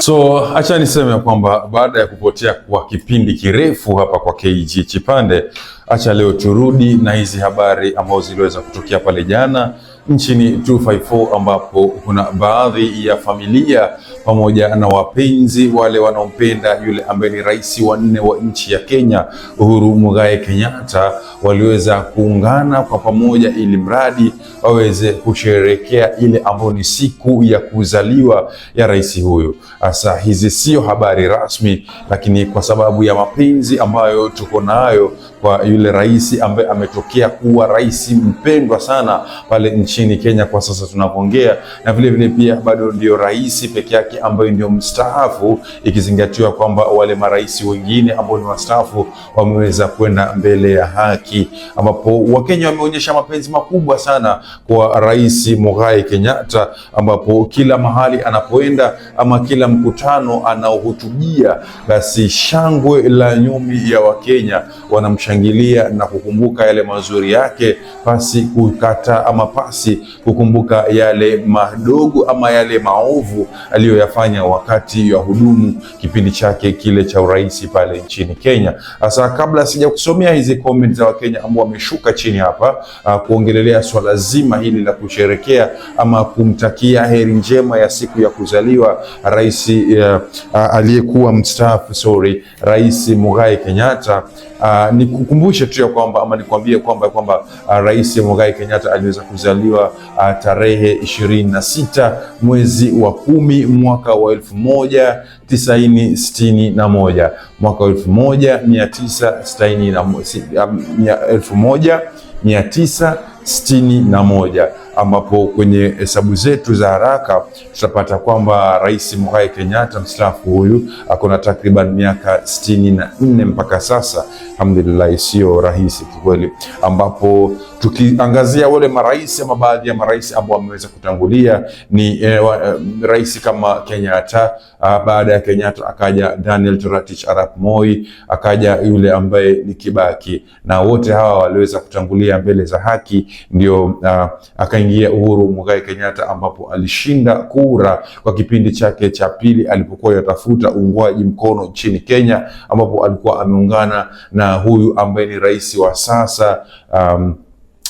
So acha niseme kwamba baada ya kupotea kwa kipindi kirefu hapa kwa KG Chipande Acha leo turudi na hizi habari ambazo ziliweza kutokea pale jana nchini 254 ambapo kuna baadhi ya familia pamoja na wapenzi wale wanaompenda yule ambaye ni rais wa nne wa nchi ya Kenya Uhuru Muigai Kenyatta waliweza kuungana kwa pamoja, ili mradi waweze kusherekea ile ambayo ni siku ya kuzaliwa ya rais huyu. Sasa hizi sio habari rasmi, lakini kwa sababu ya mapenzi ambayo tuko nayo kwa yule rais ambaye ametokea kuwa rais mpendwa sana pale nchini Kenya kwa sasa tunavyoongea, na vile vile pia bado ndio rais peke yake ambayo ndio mstaafu, ikizingatiwa kwamba wale marais wengine ambao ni wastaafu wameweza kwenda mbele ya haki, ambapo Wakenya wameonyesha mapenzi makubwa sana kwa Rais Mugai Kenyatta, ambapo kila mahali anapoenda ama kila mkutano anaohutubia, basi shangwe la nyumi ya Wakenya wanamshangilia kushangilia na kukumbuka yale mazuri yake, pasi kukataa ama pasi kukumbuka yale madogo ama yale maovu aliyoyafanya wakati ya hudumu kipindi chake kile cha urais pale nchini Kenya. Sasa kabla sija kusomea hizi comments za Wakenya ambao wameshuka chini hapa kuongelelea swala zima hili la kusherekea ama kumtakia heri njema ya siku ya kuzaliwa rais uh, aliyekuwa mstaafu sorry, Rais Mugai Kenyatta. Uh, nikukumbushe tu ya kwamba ama nikwambie kwamba kwamba uh, Rais Mugai Kenyatta aliweza kuzaliwa uh, tarehe ishirini na sita mwezi wa kumi mwaka wa elfu moja tisaini sitini na moja mwaka wa elfu moja mia tisa sitini na moja elfu moja mia tisa sitini na moja ambapo kwenye hesabu zetu za haraka tutapata kwamba Rais Mwai Kenyatta mstaafu huyu ako na takriban miaka sitini na nne mpaka sasa. Alhamdulillah, sio rahisi kikweli, ambapo tukiangazia wale marais ama baadhi ya marais ambao wameweza kutangulia ni eh, eh rais kama Kenyatta. Ah, baada ya Kenyatta akaja Daniel Toroitich arap Moi, akaja yule ambaye ni Kibaki, na wote hawa waliweza kutangulia mbele za haki, ndio ah, aka akaingia Uhuru Muigai Kenyatta, ambapo alishinda kura kwa kipindi chake cha pili alipokuwa yatafuta uungwaji mkono nchini Kenya, ambapo alikuwa ameungana na huyu ambaye ni rais wa sasa um,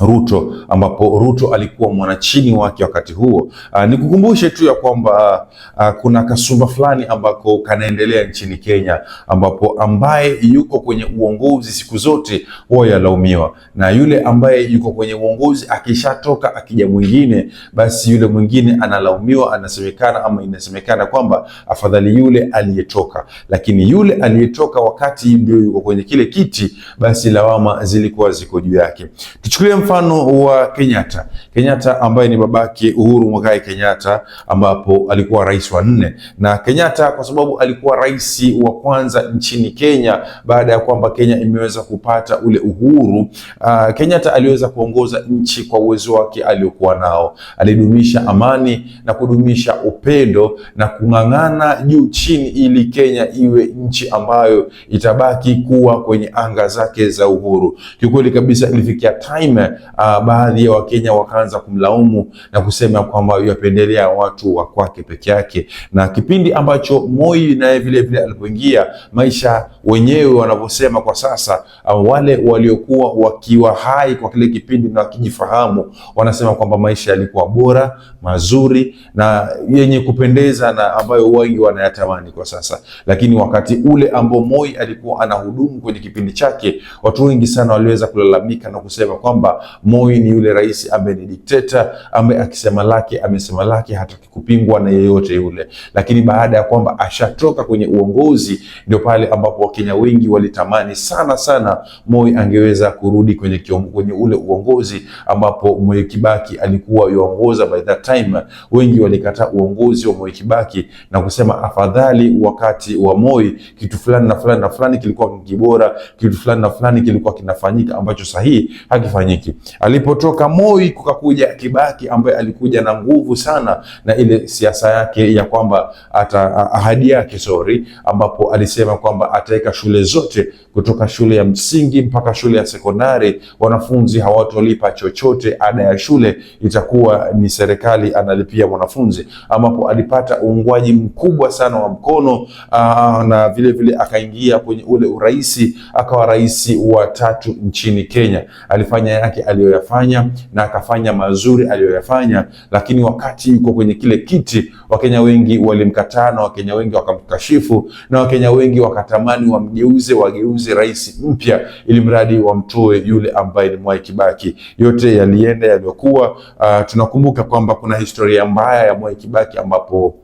Ruto ambapo Ruto alikuwa mwanachini wake wakati huo. Ah, nikukumbushe tu ya kwamba ah, kuna kasumba fulani ambako kanaendelea nchini Kenya, ambapo ambaye yuko kwenye uongozi siku zote huwa yalaumiwa, na yule ambaye yuko kwenye uongozi akishatoka, akija mwingine, basi yule mwingine analaumiwa, anasemekana ama inasemekana kwamba afadhali yule aliyetoka. Lakini yule aliyetoka wakati ndio yuko kwenye kile kiti, basi lawama zilikuwa ziko juu yake. Tuchukulie mfano wa Kenyatta, Kenyatta ambaye ni babake Uhuru Mwigai Kenyatta, ambapo alikuwa rais wa nne, na Kenyatta kwa sababu alikuwa rais wa kwanza nchini Kenya baada ya kwamba Kenya imeweza kupata ule uhuru. Uh, Kenyatta aliweza kuongoza nchi kwa uwezo wake aliokuwa nao, alidumisha amani na kudumisha upendo na kung'ang'ana juu chini, ili Kenya iwe nchi ambayo itabaki kuwa kwenye anga zake za uhuru. Kiukweli kabisa ilifikia time uh, baadhi ya Wakenya wakaanza kumlaumu na kusema kwamba yapendelea watu wa kwake peke yake, na kipindi ambacho Moi naye vile vile alipoingia maisha wenyewe wanavyosema kwa sasa, uh, wale waliokuwa wakiwa hai kwa kile kipindi na wakijifahamu wanasema kwamba maisha yalikuwa bora, mazuri na yenye kupendeza na ambayo wengi wanayatamani kwa sasa, lakini wakati ule ambao Moi alikuwa anahudumu kwenye kipindi chake, watu wengi sana waliweza kulalamika na kusema kwamba Moi ni yule rais ambaye ni dikteta, ambaye akisema lake amesema lake, hataki kupingwa na yeyote yule. Lakini baada ya kwamba ashatoka kwenye uongozi, ndio pale ambapo Wakenya wengi walitamani sana sana Moi angeweza kurudi kwenye, kwenye ule uongozi ambapo Mwai Kibaki alikuwa yuongoza. By that time wengi walikataa uongozi wa Mwai Kibaki na kusema afadhali wakati wa Moi kitu fulani na fulani na fulani kilikuwa kibora, kitu fulani na fulani kilikuwa kinafanyika ambacho sahihi hakifanyiki. Alipotoka Moi kukakuja Kibaki ambaye alikuja na nguvu sana na ile siasa yake ya kwamba ata, ahadi yake sorry, ambapo alisema kwamba ataweka shule zote kutoka shule ya msingi mpaka shule ya sekondari, wanafunzi hawatolipa chochote, ada ya shule itakuwa ni serikali analipia mwanafunzi, ambapo alipata uungwaji mkubwa sana wa mkono aa, na vile vile akaingia kwenye ule uraisi, akawa rais wa tatu nchini Kenya. Alifanya yake aliyoyafanya na akafanya mazuri aliyoyafanya, lakini wakati yuko kwenye kile kiti, Wakenya wengi walimkataa na Wakenya wengi wakamkashifu na Wakenya wengi wakatamani wamgeuze, wageuze rais mpya, ili mradi wamtoe yule ambaye ni Mwai Kibaki. Yote yalienda yaliyokuwa. Uh, ah, tunakumbuka kwamba kuna historia mbaya ya Mwai Kibaki ambapo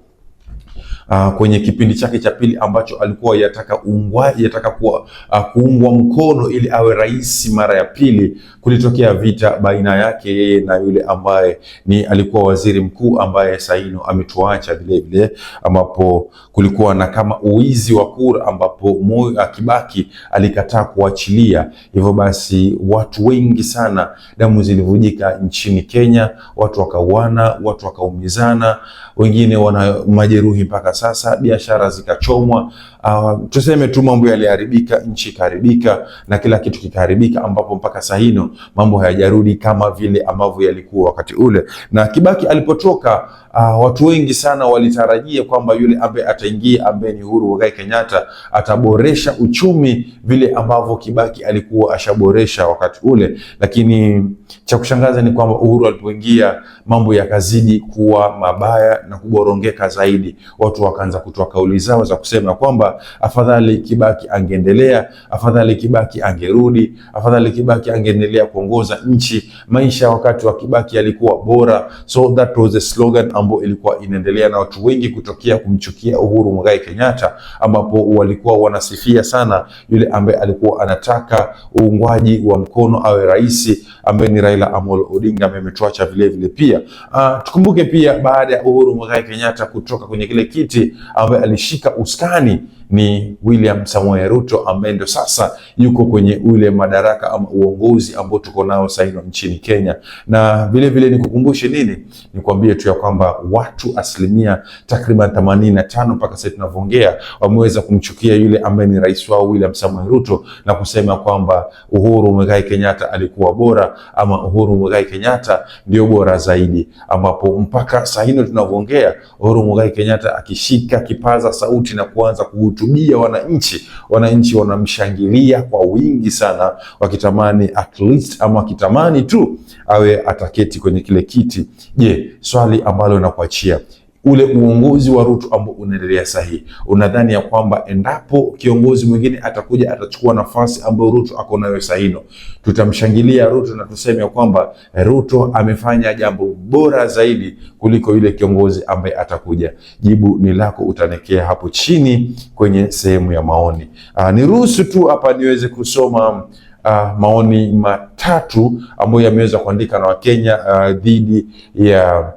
uh, kwenye kipindi chake cha pili ambacho alikuwa yataka ungwa, yataka kuwa, uh, kuungwa mkono ili awe rais mara ya pili, kulitokea vita baina yake yeye na yule ambaye ni alikuwa waziri mkuu ambaye Saino ametuacha vilevile, ambapo kulikuwa na kama uizi wa kura, ambapo uh, Kibaki alikataa kuachilia. Hivyo basi watu wengi sana damu zilivujika nchini Kenya, watu wakauana, watu wakaumizana, wengine wana majeruhi mpaka sasa biashara zikachomwa, uh, tuseme tu mambo yaliharibika, nchi ikaharibika na kila kitu kikaharibika, ambapo mpaka sahino mambo hayajarudi kama vile ambavyo yalikuwa wakati ule. Na Kibaki alipotoka, uh, watu wengi sana walitarajia kwamba yule ambaye ataingia ambaye ni Uhuru Muigai Kenyatta ataboresha uchumi vile ambavyo Kibaki alikuwa ashaboresha wakati ule, lakini cha kushangaza ni kwamba Uhuru alipoingia mambo yakazidi kuwa mabaya na kuborongeka zaidi. Watu wakaanza kutoa kauli zao za kusema kwamba afadhali Kibaki angeendelea, afadhali Kibaki angerudi, afadhali Kibaki angeendelea kuongoza nchi. Maisha wakati wa Kibaki yalikuwa bora, so that was a slogan ambayo ilikuwa inaendelea na watu wengi kutokea kumchukia Uhuru Muigai Kenyatta, ambapo walikuwa wanasifia sana yule ambaye alikuwa anataka uungwaji wa mkono awe rais, ambaye ni Raila Amolo Odinga, ambaye ametuacha vile vile pia. Uh, tukumbuke pia baada ya Uhuru Muigai Kenyatta kutoka kwenye kile kiti ambaye alishika usukani ni William Samoei Ruto ambaye ndio sasa yuko kwenye ule madaraka ama uongozi ambao tuko nao sasa hivi nchini Kenya. Na vilevile nikukumbushe nini, nikwambie tu ya kwamba watu asilimia takriban 85 mpaka sasa tunavyoongea wameweza kumchukia yule ambaye ni rais wao William Samoei Ruto na kusema kwamba Uhuru Muigai Kenyatta alikuwa bora ama Uhuru Muigai Kenyatta ndio bora zaidi, ambapo mpaka sasa hivi tunavyoongea Uhuru Muigai Kenyatta akishika kipaza sauti na kuanza kuhutu kuhutubia wananchi, wananchi wanamshangilia kwa wingi sana, wakitamani at least ama wakitamani tu awe ataketi kwenye kile kiti. Je, swali ambalo nakuachia ule uongozi wa Ruto ambao unaendelea sahihi. Unadhani ya kwamba endapo kiongozi mwingine atakuja atachukua nafasi ambayo Ruto ako nayo sahino, tutamshangilia Ruto na tuseme kwamba eh, Ruto amefanya jambo bora zaidi kuliko yule kiongozi ambaye atakuja? Jibu ni lako, utanekea hapo chini kwenye sehemu ya maoni. Aa, ah, niruhusu tu hapa niweze kusoma Uh, maoni matatu ambayo yameweza kuandika na Wakenya uh, dhidi ya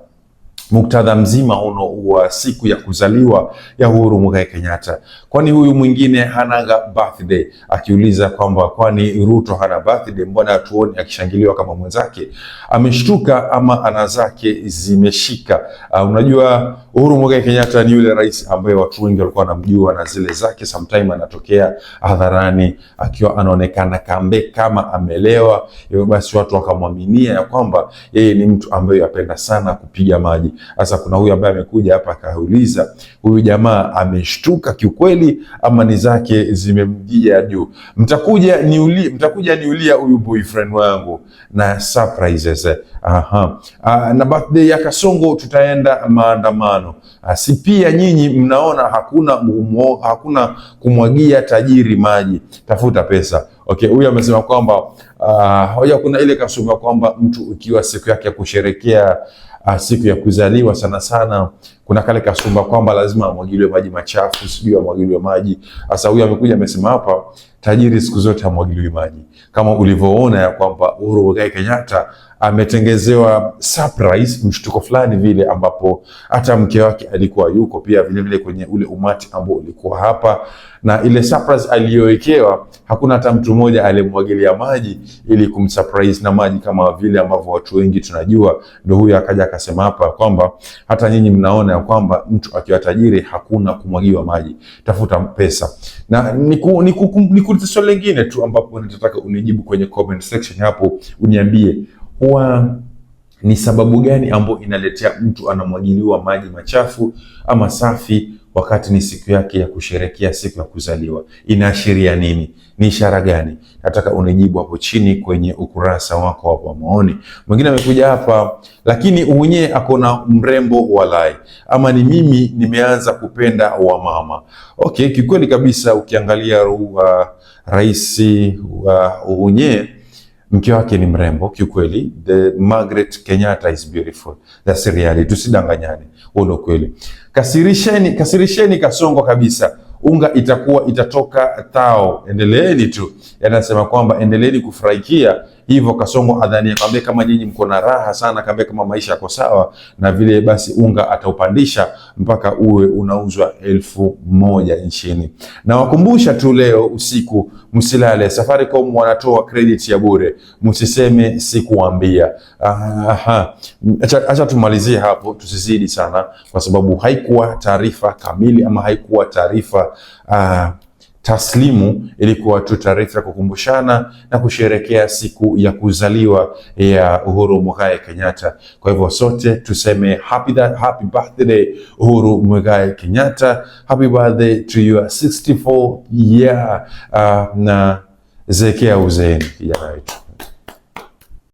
muktadha mzima uno wa siku ya kuzaliwa ya Uhuru Muigai Kenyatta. Kwani huyu mwingine hananga birthday, akiuliza kwamba kwani Ruto hana birthday, mbona hatuoni akishangiliwa kama mwenzake? Ameshtuka ama ana zake zimeshika. Uh, unajua Uhuru Muigai Kenyatta ni yule rais ambaye watu wengi walikuwa wanamjua na zile zake, sometime anatokea hadharani akiwa anaonekana kambe kama amelewa, hivyo basi watu wakamwaminia ya kwamba yeye ni mtu ambaye yapenda sana kupiga maji sasa kuna huyu ambaye amekuja hapa akauliza, huyu jamaa ameshtuka kiukweli ama ni zake zimemjia juu? Mtakuja niulia, mtakuja niulia huyu boyfriend wangu na surprises. Aha. Aa, ah, na birthday ya Kasongo tutaenda maandamano. Ah, si pia nyinyi mnaona hakuna mumo, hakuna kumwagia tajiri maji, tafuta pesa. Okay, huyu amesema kwamba ah, hoja, kuna ile kasumba kwamba mtu ukiwa siku yake ya kusherekea Ah, siku ya kuzaliwa sana sana kuna kale kasumba kwamba lazima amwagiliwe maji machafu, sijui amwagiliwe maji. Sasa huyu amekuja amesema hapa, tajiri siku zote amwagiliwi maji, kama ulivyoona ya kwamba Uhuru Muigai Kenyatta ametengezewa surprise, mshtuko fulani vile, ambapo hata mke wake alikuwa yuko pia vilevile kwenye ule umati ambao ulikuwa hapa, na ile surprise aliyowekewa hakuna hata mtu mmoja aliyemwagilia maji ili kumsurprise na maji kama vile ambavyo watu wengi tunajua. Ndio huyo akaja akasema hapa kwamba hata nyinyi mnaona kwamba mtu akiwa tajiri hakuna kumwagiwa maji, tafuta pesa. Na nikuulize swali lingine tu ambapo nataka unijibu kwenye comment section hapo, uniambie huwa ni sababu gani ambayo inaletea mtu anamwagiliwa maji machafu ama safi wakati ni siku yake ya kusherekea siku ya kuzaliwa. Inaashiria nini? Ni ishara gani? Nataka unijibu hapo chini kwenye ukurasa wako hapo wa maoni. Mwingine amekuja hapa, lakini ako na mrembo wa lai ama ni mimi nimeanza kupenda wa mama Okay, kikweli kabisa ukiangalia uh, rais wa uwenye mke wake ni mrembo kiukweli, the Margaret Kenyatta is beautiful, that's reality, tusidanganyane, huo ndio kweli. Kasirisheni, kasirisheni Kasongo kabisa, unga itakuwa itatoka tao. Endeleeni tu, yanasema kwamba endeleeni kufurahikia hivyo kasongo adhani akamwambia kama nyinyi mko na raha sana, akamwambia kama maisha yako sawa na vile, basi unga ataupandisha mpaka uwe unauzwa elfu moja nchini. Na wakumbusha tu leo usiku msilale, Safaricom wanatoa credit ya bure, msiseme sikuambia. Ah, ah, ah. Acha tumalizie hapo, tusizidi sana, kwa sababu haikuwa taarifa kamili ama haikuwa taarifa taslimu ili kuwa tu taarifa ya kukumbushana na kusherekea siku ya kuzaliwa ya Uhuru Muigai Kenyatta. Kwa hivyo sote tuseme happy that, happy birthday Uhuru Muigai Kenyatta, happy birthday to your 64 year uh, na zekea uzeeni kijana wetu.